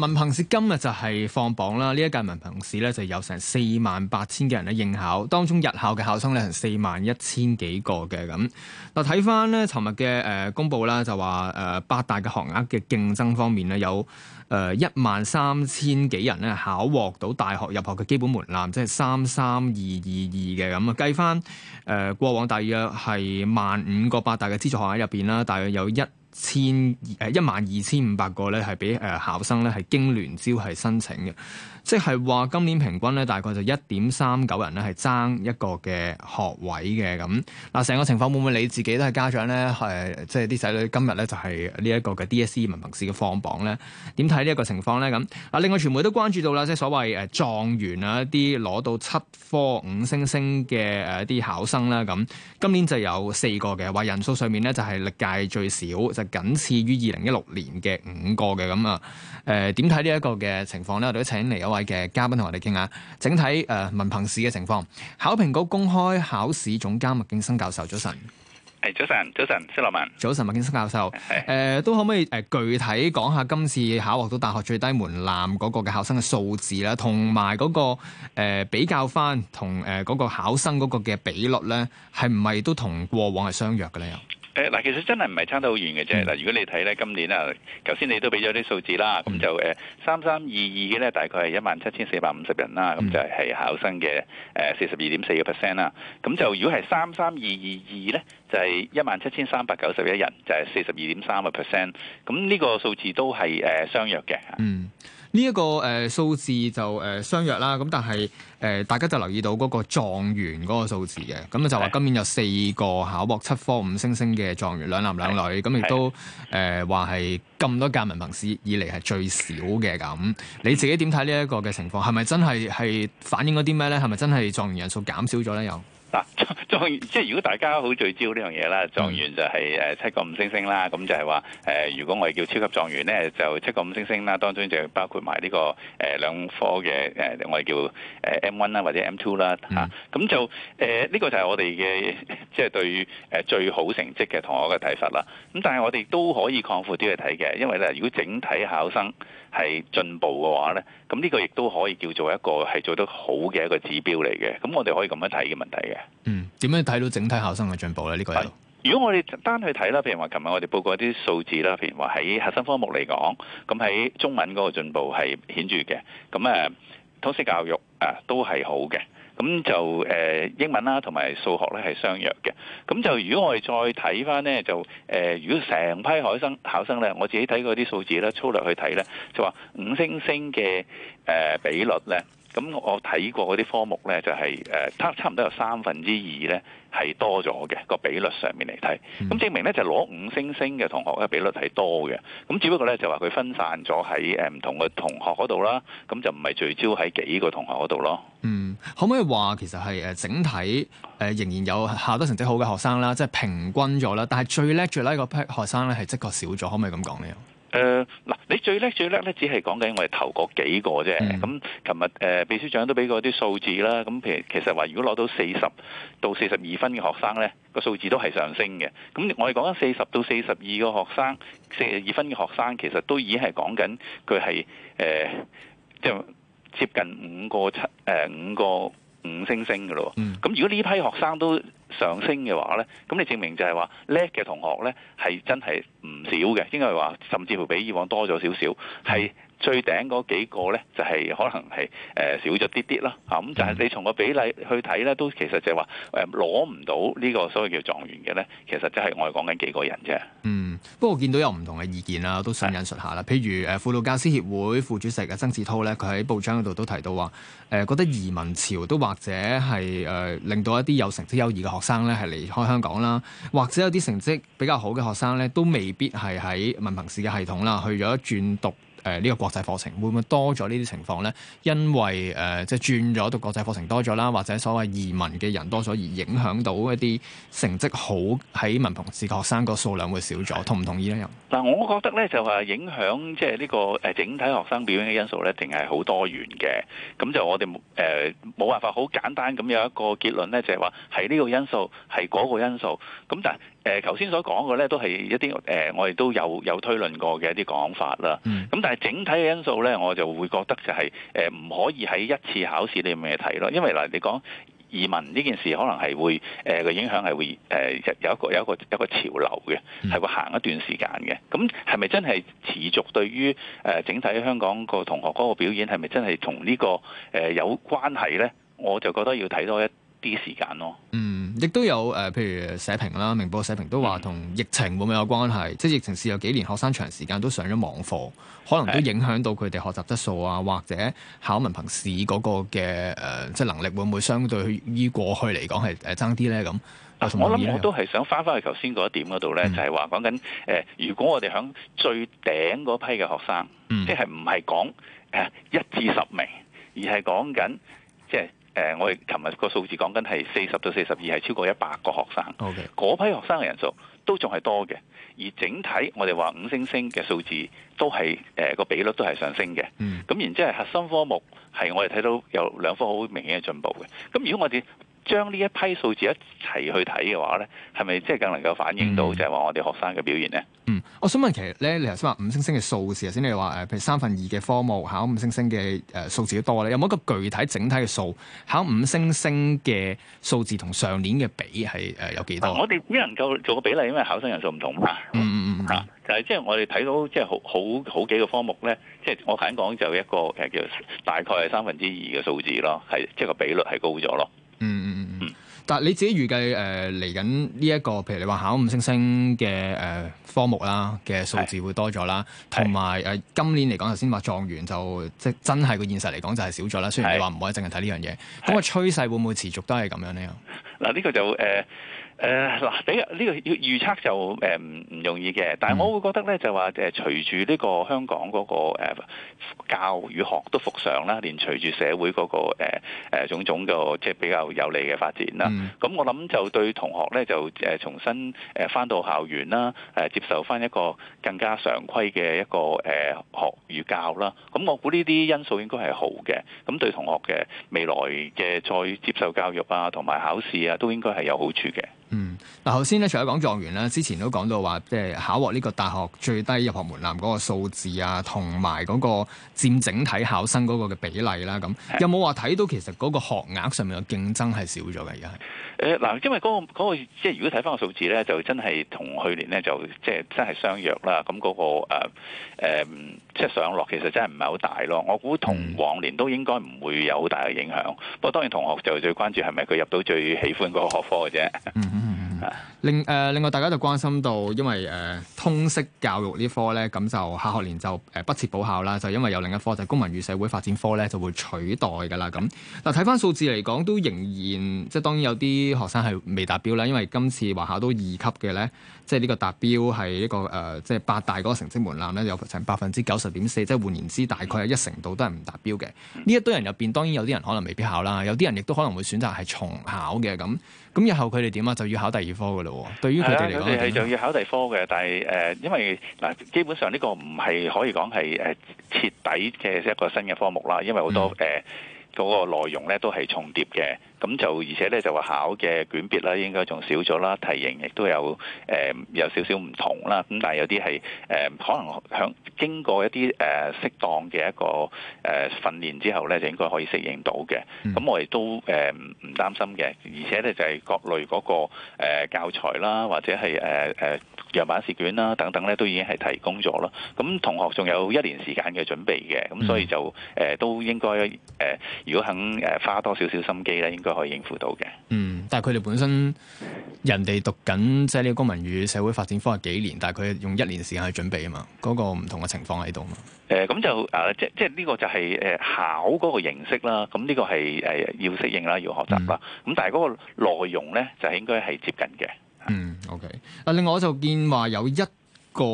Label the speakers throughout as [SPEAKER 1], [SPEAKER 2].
[SPEAKER 1] 文憑試今日就係放榜啦！呢一屆文憑試咧，就有成四萬八千嘅人咧應考，當中日校嘅考生咧係四萬一千幾個嘅咁。嗱，睇翻咧，尋日嘅誒公佈啦，就話誒八大嘅學額嘅競爭方面咧，有誒一萬三千幾人咧考獲到大學入學嘅基本門檻，即係三三二二二嘅咁啊。計翻誒過往大約係萬五個八大嘅資助學額入邊啦，大約有一千誒一萬二千五百個咧，係俾誒考生咧係經聯招係申請嘅，即係話今年平均咧大概就一點三九人咧係爭一個嘅學位嘅咁。嗱，成個情況會唔會你自己都係家長咧？誒、呃，即係啲仔女今日咧就係呢一個嘅 DSE 文憑試嘅放榜咧，點睇呢一個情況咧？咁啊，另外傳媒都關注到啦，即係所謂誒、呃、狀元啊，一啲攞到七科五星星嘅誒啲考生啦，咁今年就有四個嘅話，人數上面咧就係歷屆最少。僅次於二零一六年嘅五個嘅咁啊，誒、呃，點睇呢一個嘅情況咧？我哋都請嚟一位嘅嘉賓同我哋傾下整體誒文憑試嘅情況。考評局公開考試總監麥勁生教授，早晨。
[SPEAKER 2] 係早晨，早晨，謝樂
[SPEAKER 1] 文。早晨，麥勁生教授。係誒、呃，都可唔可以誒具體講下今次考獲到大學最低門檻嗰個嘅考生嘅數字啦，同埋嗰個誒、呃、比較返同誒嗰個考生嗰個嘅比率咧，係唔係都同過往係相若嘅咧？又？
[SPEAKER 2] 誒嗱，其實真係唔係差得好遠嘅啫。嗱、嗯，如果你睇咧今年啊，頭先你都俾咗啲數字啦，咁、嗯、就誒三三二二嘅咧，大概係一萬七千四百五十人啦，咁、嗯、就係係考生嘅誒四十二點四個 percent 啦。咁就如果係三三二二二咧，就係一萬七千三百九十一人，就係四十二點三個 percent。咁呢個數字都係誒相約嘅。
[SPEAKER 1] 嗯。呢、這、一個數、呃、字就、呃、相若啦，咁但係、呃、大家就留意到嗰個狀元嗰個數字嘅，咁就話今年有四個考獲七科五星星嘅狀元，兩男兩女，咁亦都誒話係咁多屆文憑試以嚟係最少嘅咁。你自己點睇呢一個嘅情況？係咪真係係反映咗啲咩呢？係咪真係狀元人數減少咗呢？又？
[SPEAKER 2] 嗱，即係如果大家好聚焦呢樣嘢啦，狀元就係七個五星星啦，咁就係話、呃、如果我哋叫超級狀元咧，就七個五星星啦，當中就包括埋呢、這個誒、呃、兩科嘅我哋叫 M 1啦或者 M2 啦吓，咁就呢、呃這個就係我哋嘅即係對誒最好成績嘅同學嘅睇法啦。咁但係我哋都可以擴闊啲去睇嘅，因為咧，如果整體考生係進步嘅話咧，咁呢個亦都可以叫做一個係做得好嘅一個指標嚟嘅。咁我哋可以咁樣睇嘅問題嘅。
[SPEAKER 1] 嗯，點樣睇到整體考生嘅進步咧？呢個係
[SPEAKER 2] 如果我哋單去睇啦，譬如話琴日我哋報過一啲數字啦，譬如話喺核心科目嚟講，咁喺中文嗰個進步係顯著嘅。咁誒，通識教育誒、啊、都係好嘅。咁就誒、呃、英文啦，同埋數學咧係相若嘅。咁就如果我哋再睇翻咧，就誒、呃、如果成批考生考生咧，我自己睇過啲數字咧，粗略去睇咧，就話、是、五星星嘅誒、呃、比率咧。咁我睇過嗰啲科目咧，就係、是、誒差差唔多有三分之二咧係多咗嘅，個比率上面嚟睇，咁證明咧就攞、是、五星星嘅同學咧比率係多嘅，咁只不過咧就話佢分散咗喺誒唔同嘅同學嗰度啦，咁就唔係聚焦喺幾個同學嗰度咯。
[SPEAKER 1] 嗯，可唔可以話其實係誒整體誒仍然有考得成績好嘅學生啦，即係平均咗啦，但係最叻最叻個學生咧係的確少咗，可唔可以咁講呢？
[SPEAKER 2] 誒、呃、嗱，你最叻最叻咧，只係講緊我哋頭嗰幾個啫。咁、嗯，琴日誒秘書長都俾過啲數字啦。咁譬如其實話，如果攞到四十到四十二分嘅學生咧，個數字都係上升嘅。咁我哋講緊四十到四十二個學生，四十二分嘅學生其實都已經係講緊佢係誒，即、呃、係、即係、接近五個七誒五個。呃五星星嘅咯，咁如果呢批學生都上升嘅話咧，咁你證明就係話叻嘅同學咧係真係唔少嘅，應該係話甚至乎比以往多咗少少係。嗯，是最頂嗰幾個咧、嗯，就係可能係誒少咗啲啲咯嚇。咁就係你從個比例去睇咧，都其實就係話誒攞唔到呢個所謂叫狀元嘅咧，其實即係我係講緊幾個人啫。嗯，
[SPEAKER 1] 不過我見到有唔同嘅意見啦，都想引述下啦。譬如誒，輔導教師協會副主席嘅，曾志滔咧，佢喺報章嗰度都提到話誒、呃，覺得移民潮都或者係誒、呃、令到一啲有成績優異嘅學生咧係離開香港啦，或者有啲成績比較好嘅學生咧都未必係喺文憑試嘅系統啦去咗轉讀。誒、呃、呢、這個國際課程會唔會多咗呢啲情況咧？因為誒、呃、即係轉咗讀國際課程多咗啦，或者所謂移民嘅人多咗而影響到一啲成績好喺文憑試嘅學生個數量會少咗，同唔同意咧？
[SPEAKER 2] 嗱、嗯，我覺得咧就話影響即係呢個誒、呃、整體學生表現嘅因素咧，定係好多元嘅。咁就我哋誒冇辦法好簡單咁有一個結論咧，就係話係呢個因素係嗰個因素咁，但係。誒頭先所講嘅咧，都係一啲誒、呃，我哋都有有推論過嘅一啲講法啦。咁、mm. 但係整體嘅因素咧，我就會覺得就係誒唔可以喺一次考試裏面嚟睇咯。因為嗱，你講移民呢件事，可能係會誒個、呃、影響係會誒、呃、有一個有一個有一個潮流嘅，係、mm. 會行一段時間嘅。咁係咪真係持續對於誒、呃、整體香港個同學嗰個表演，係咪真係同呢個誒、呃、有關係咧？我就覺得要睇多一。啲時間咯，
[SPEAKER 1] 嗯，亦都有誒、呃，譬如社評啦，明報社評都話同疫情會唔會有關係？嗯、即係疫情時有幾年學生長時間都上咗網課，可能都影響到佢哋學習質素啊，的或者考文憑試嗰個嘅誒、呃，即係能力會唔會相對於過去嚟講係誒爭啲咧？咁、啊，我諗我，我
[SPEAKER 2] 都係想翻返去頭先嗰一點嗰度咧，就係話講緊誒，如果我哋響最頂嗰批嘅學生，即係唔係講誒一至十名，而係講緊即係。就是呃、我哋琴日個數字講緊係四十到四十二，係超過一百個學生。嗰、okay. 批學生嘅人數都仲係多嘅，而整體我哋話五星星嘅數字都係誒、呃、個比率都係上升嘅。咁、mm. 然之後核心科目係我哋睇到有兩科好明顯嘅進步嘅。咁如果我哋。將呢一批數字一齊去睇嘅話咧，係咪即係更能夠反映到就係話我哋學生嘅表現咧？
[SPEAKER 1] 嗯，我想問其實咧，你頭先話五星星嘅數字，頭先你話誒，譬如三分二嘅科目考五星星嘅誒數字都多咧，有冇一個具體整體嘅數考五星星嘅數字同上年嘅比係誒有幾多？我
[SPEAKER 2] 哋只能夠做個比例，因為考生人數唔同啊。嗯嗯嗯，嚇！就係即係我哋睇到即係好好好幾個科目咧，即係我簡單講就一個誒叫大概係三分之二嘅數字咯，係即係個比率係高咗咯。
[SPEAKER 1] 但係你自己預計誒嚟緊呢一個，譬如你話考五星星嘅誒、呃、科目啦嘅數字會多咗啦，同埋誒今年嚟講頭先話狀元就即係真係個現實嚟講就係少咗啦。雖然你話唔可以淨係睇呢樣嘢，咁個趨勢會唔會持續都係咁樣呢？
[SPEAKER 2] 嗱，呢個就誒。呃誒、呃、嗱，呢、這個呢個要預測就誒唔、呃、容易嘅。但係我會覺得咧，就話誒隨住呢個香港嗰、那個誒、呃、教與學都復常啦，連隨住社會嗰、那個誒誒、呃、種種嘅、呃、即係比較有利嘅發展啦。咁、嗯、我諗就對同學咧就誒重新誒返、呃、到校園啦，誒、呃、接受返一個更加常規嘅一個誒、呃、學與教啦。咁我估呢啲因素應該係好嘅。咁對同學嘅未來嘅再接受教育啊，同埋考試啊，都應該係有好處嘅。
[SPEAKER 1] 嗯，嗱，頭先咧，除咗講狀元啦，之前都講到話，即係考獲呢個大學最低入學門檻嗰個數字啊，同埋嗰個佔整體考生嗰個嘅比例啦，咁有冇話睇到其實嗰個學額上面嘅競爭係少咗嘅？而家係
[SPEAKER 2] 嗱，因為嗰、嗰個、嗰個、即係如果睇翻個數字咧，就真係同去年咧就即係真係相若啦。咁嗰、嗰個誒、呃、即係上落其實真係唔係好大咯。我估同往年都應該唔會有好大嘅影響。不過當然同學就最關注係咪佢入到最喜歡嗰個學科嘅啫。嗯
[SPEAKER 1] 另誒、呃，另外大家就關心到，因為誒、呃、通識教育呢科咧，咁就下學年就誒、呃、不設補考啦，就因為有另一科就係、公民與社會發展科咧就會取代噶啦咁。嗱，睇翻數字嚟講，都仍然即係當然有啲學生係未達標啦，因為今次話考到二級嘅咧，即係呢個達標係一個誒、呃，即係八大嗰個成績門檻咧，有成百分之九十點四，即係換言之，大概係一成度都係唔達標嘅。呢一堆人入邊，當然有啲人可能未必考啦，有啲人亦都可能會選擇係重考嘅咁。咁日後佢哋點啊？就要考第二科噶啦，對於係佢哋係就要
[SPEAKER 2] 考地科嘅。但係誒、呃，因為嗱，基本上呢個唔係可以講係誒徹底嘅一個新嘅科目啦，因為好多誒嗰、嗯呃嗰個內容咧都係重疊嘅。咁就而且咧就話考嘅卷別啦，應該仲少咗啦，題型亦都有誒、呃、有少少唔同啦。咁但係有啲係誒可能響經過一啲誒、呃、適當嘅一個誒、呃、訓練之後咧，就應該可以適應到嘅。咁我亦都誒唔、呃、擔心嘅。而且咧就係、是、各類嗰個教材啦，或者係誒誒樣版試卷啦等等咧，都已經係提供咗咯。咁同學仲有一年時間嘅準備嘅，咁所以就誒、呃、都應該誒、呃、如果肯誒花多少少心機咧，應該。可以應付到
[SPEAKER 1] 嘅。嗯，但係佢哋本身人哋讀緊即係呢個公民與社會發展科係幾年，但係佢用一年時間去準備啊嘛，嗰、那個唔同嘅情況喺度嘛。
[SPEAKER 2] 誒、呃，咁就誒、呃，即係即係呢個就係、是、誒、呃、考嗰個形式啦。咁呢個係誒、呃、要適應啦，要學習啦。咁、嗯、但係嗰個內容咧就應該係接近嘅。
[SPEAKER 1] 嗯，OK。嗱，另外我就見話有一個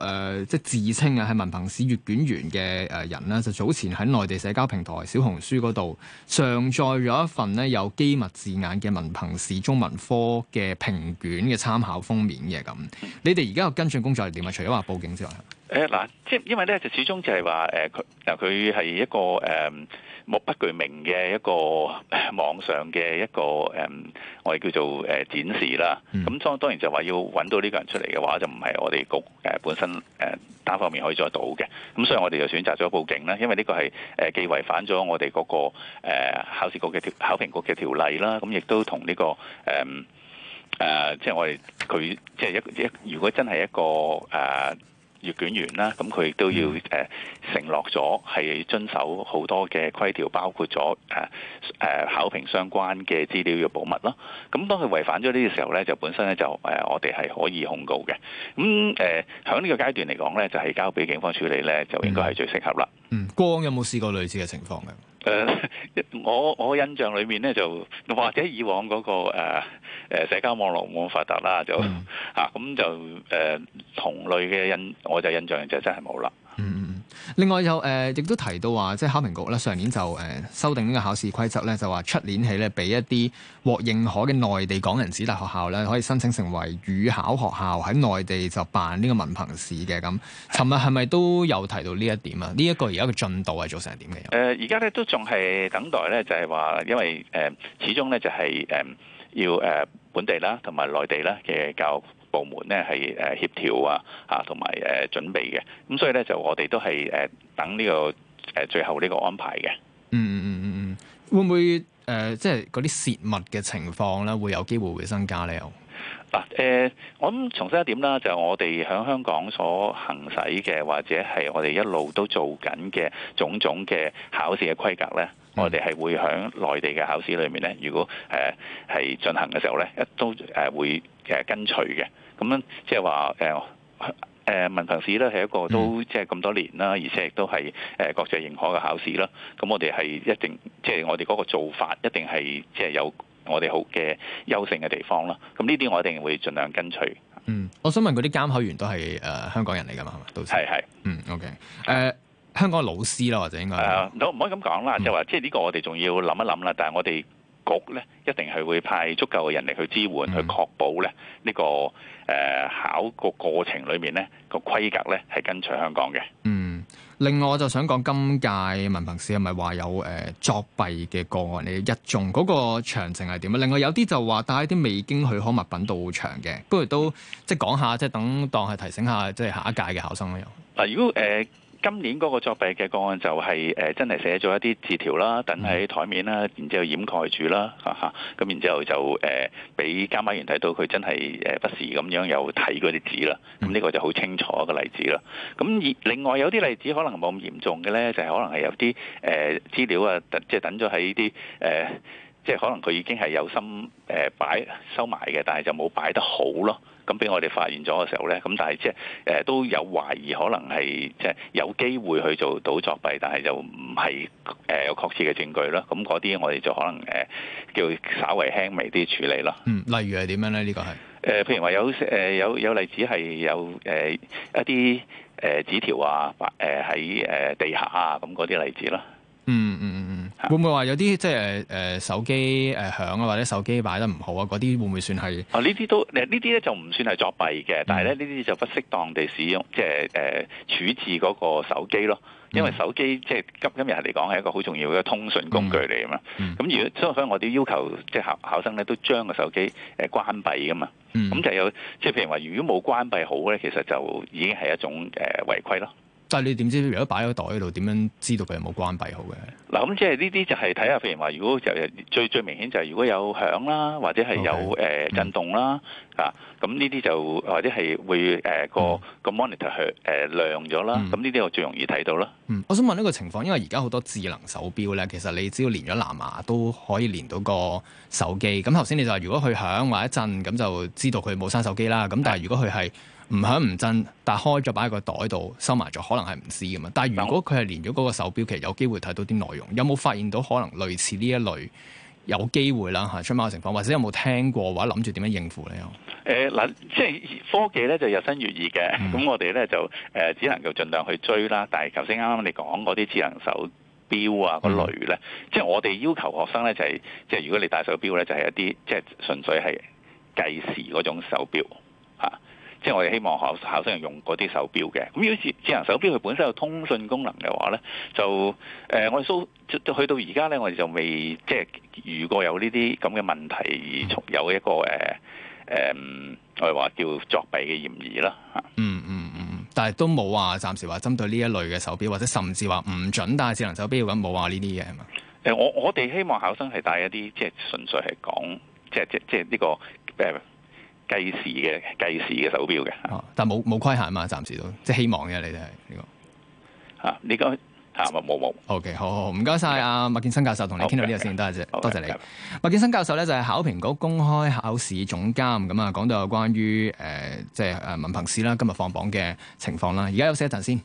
[SPEAKER 1] 誒即係自稱啊，係文憑試閱卷員嘅誒人咧，就早前喺內地社交平台小紅書嗰度上載咗一份呢有機密字眼嘅文憑試中文科嘅評卷嘅參考封面嘅咁。你哋而家嘅跟進工作係點啊？除咗話報警之外？
[SPEAKER 2] 誒嗱，即係因為咧，就始終就係話誒佢嗱，佢、呃、係一個誒目、呃、不具名嘅一個網上嘅一個誒、呃，我哋叫做誒、呃、展示啦。咁、嗯、當當然就話要揾到呢個人出嚟嘅話，就唔係我哋局誒本身誒、呃、單方面可以做到嘅。咁、呃、所以我哋就選擇咗報警啦，因為呢個係誒既違反咗我哋嗰、那個、呃、考試局嘅條考評局嘅條例啦。咁、嗯、亦都同呢、這個誒誒、呃呃，即係我哋佢即係一一如果真係一個誒。呃閱卷員啦，咁佢亦都要誒承諾咗係遵守好多嘅規條，包括咗誒、啊啊、考評相關嘅資料要保密咯。咁當佢違反咗呢啲時候咧，就本身咧就誒、啊、我哋係可以控告嘅。咁誒喺呢個階段嚟講咧，就係、是、交俾警方處理咧，就應該係最適合啦。
[SPEAKER 1] 嗯，過往有冇試過類似嘅情況嘅、
[SPEAKER 2] 呃？我我印象裏面咧就或者以往嗰、嗰個誒、呃呃、社交網絡冇咁發達啦，就、嗯、啊咁就誒、呃、同類嘅印，我就印象就真係冇啦。
[SPEAKER 1] 另外又誒、呃，亦都提到話，即係考評局咧，上年就誒、呃、修訂呢個考試規則咧，就話出年起咧，俾一啲獲認可嘅內地港人子弟學校咧，可以申請成為語考學校喺內地就辦呢個文憑試嘅咁。尋日係咪都有提到呢一點啊？呢、這、一個而家嘅進度係做成點
[SPEAKER 2] 嘅？誒、呃，而家咧都仲係等待咧，就係、是、話，因為誒、呃，始終咧就係、是、誒、呃，要誒、呃、本地啦，同埋內地啦嘅教育。部門咧係誒協調啊，嚇同埋誒準備嘅咁，所以咧就我哋都係誒等呢個誒最後呢個安排嘅。嗯
[SPEAKER 1] 嗯嗯嗯，會唔會誒、呃、即係嗰啲泄密嘅情況咧，會有機會會增加咧？又
[SPEAKER 2] 嗱誒，我諗重申一點啦，就係、我哋喺香港所行使嘅或者係我哋一路都做緊嘅種種嘅考試嘅規格咧。我哋係會喺內地嘅考試裏面咧，如果誒係、呃、進行嘅時候咧，一都誒、呃、會誒跟隨嘅。咁樣即係話誒誒文憑試咧係一個都即係咁多年啦，而且亦都係誒、呃、國際認可嘅考試啦。咁我哋係一定即係我哋嗰個做法一定係即係有我哋好嘅優勝嘅地方啦。咁呢啲我一定會盡量跟隨。嗯，
[SPEAKER 1] 我想問嗰啲監考員都係誒、呃、香港人嚟噶嘛？係咪？都係。係係。嗯，OK。誒。香港老師啦，或
[SPEAKER 2] 者應該係啊，唔、呃、可以咁講啦，就話即係呢個我哋仲要諗一諗啦。但係我哋局咧一定係會派足夠嘅人力去支援，嗯、去確保咧、這、呢個誒、呃、考個過程裏面咧個規格咧係跟隨香港嘅。嗯，
[SPEAKER 1] 另外我就想講今屆文憑試係咪話有誒、呃、作弊嘅個案？你一宗嗰個詳情係點啊？另外有啲就話帶一啲未經許可物品到場嘅，不如都即係講下，即係等當係提醒一下，即係下一屆嘅考生啦。又、
[SPEAKER 2] 呃、嗱，如果誒。呃今年嗰個作弊嘅個案就係誒真係寫咗一啲字條啦，等喺台面啦，然之後掩蓋住啦，咁然之後就誒俾監考員睇到佢真係誒不時咁樣有睇嗰啲紙啦。咁、這、呢個就好清楚一個例子啦。咁另外有啲例子可能冇咁嚴重嘅咧，就係、是、可能係有啲誒資料啊，即、就、係、是、等咗喺啲誒，即、就、係、是、可能佢已經係有心誒擺收埋嘅，但係就冇擺得好咯。咁俾我哋發現咗嘅時候咧，咁但係即係誒都有懷疑，可能係即係有機會去做到作弊，但係就唔係有確切嘅證據咯。咁嗰啲我哋就可能誒叫稍微輕微啲處理咯。
[SPEAKER 1] 嗯，例如係點樣咧？呢個係
[SPEAKER 2] 誒，譬如話有誒有有例子係有誒一啲誒紙條啊，誒喺誒地下啊咁嗰啲例子咯。
[SPEAKER 1] 嗯嗯。會唔會話有啲即係誒手機誒響啊，或者手機擺得唔好啊？嗰啲會唔會算係？
[SPEAKER 2] 啊、哦，呢啲都呢啲咧就唔算係作弊嘅，嗯，但係咧呢啲就不適當地使用即係誒、呃、處置嗰個手機咯。因為手機、嗯、即係今今日嚟講係一個好重要嘅通訊工具嚟㗎嘛。咁、嗯嗯、而所以所以我哋要求即係考考生咧都將個手機誒關閉噶嘛。咁、嗯、就有即係譬如話，如果冇關閉好咧，其實就已經係一種誒違規咯。
[SPEAKER 1] 但係你點知？如果擺喺袋嗰度，點樣知道佢有冇關閉好嘅？
[SPEAKER 2] 嗱，咁即係呢啲就係睇下。譬如話，如果就最最明顯就係如果有響啦，或者係有、okay. 呃、震動啦、嗯，啊，咁呢啲就或者係會誒、呃嗯、個 monitor 誒、呃、亮咗啦。咁呢啲我最容易睇到啦、嗯
[SPEAKER 1] 嗯。我想問呢個情況，因為而家好多智能手錶咧，其實你只要連咗藍牙都可以連到個手機。咁頭先你就話，如果佢響或一震，咁就知道佢冇閂手機啦。咁但係如果佢係唔響唔真，但開咗擺喺個袋度收埋咗，可能係唔知咁嘛。但係如果佢係連咗嗰個手錶，其實有機會睇到啲內容。有冇發現到可能類似呢一類有機會啦？嚇出貓嘅情況，或者有冇聽過或者諗住點樣應付咧？
[SPEAKER 2] 誒、呃、嗱，即係科技咧就日新月異嘅，咁、嗯、我哋咧就誒只能夠盡量去追啦。但係頭先啱啱你講嗰啲智能手錶啊嗰、那個、類咧、嗯，即係我哋要求學生咧就係、是，即係如果你戴手錶咧就係、是、一啲即係純粹係計時嗰種手錶。即係我哋希望考考生用嗰啲手錶嘅，咁如果智智能手錶佢本身有通訊功能嘅話咧，就誒我哋搜去到而家咧，我哋就，就未即係遇過有呢啲咁嘅問題而從有一個誒誒、呃、我哋話叫作弊嘅嫌疑啦嚇。嗯
[SPEAKER 1] 嗯嗯，但係都冇話暫時話針對呢一類嘅手錶，或者甚至話唔準帶智能手錶咁冇話呢啲嘢係嘛？
[SPEAKER 2] 誒我我哋希望考生係帶一啲即係純粹係講即係即係即係呢、這個誒。呃計時嘅計時嘅手錶
[SPEAKER 1] 嘅，啊，但冇冇規限嘛？暫時都即係希望嘅，你哋係呢個吓呢、啊，這個吓，冇、啊、冇。O、okay, K，好好唔該晒阿麥勁生教授，同你傾到呢個先，okay, 多謝 okay, 多謝你。麥、okay. 勁生教授咧就係考評局公開考試總監，咁啊講到有關於誒、呃、即係誒文憑試啦，今日放榜嘅情況啦，而家休息一陣先。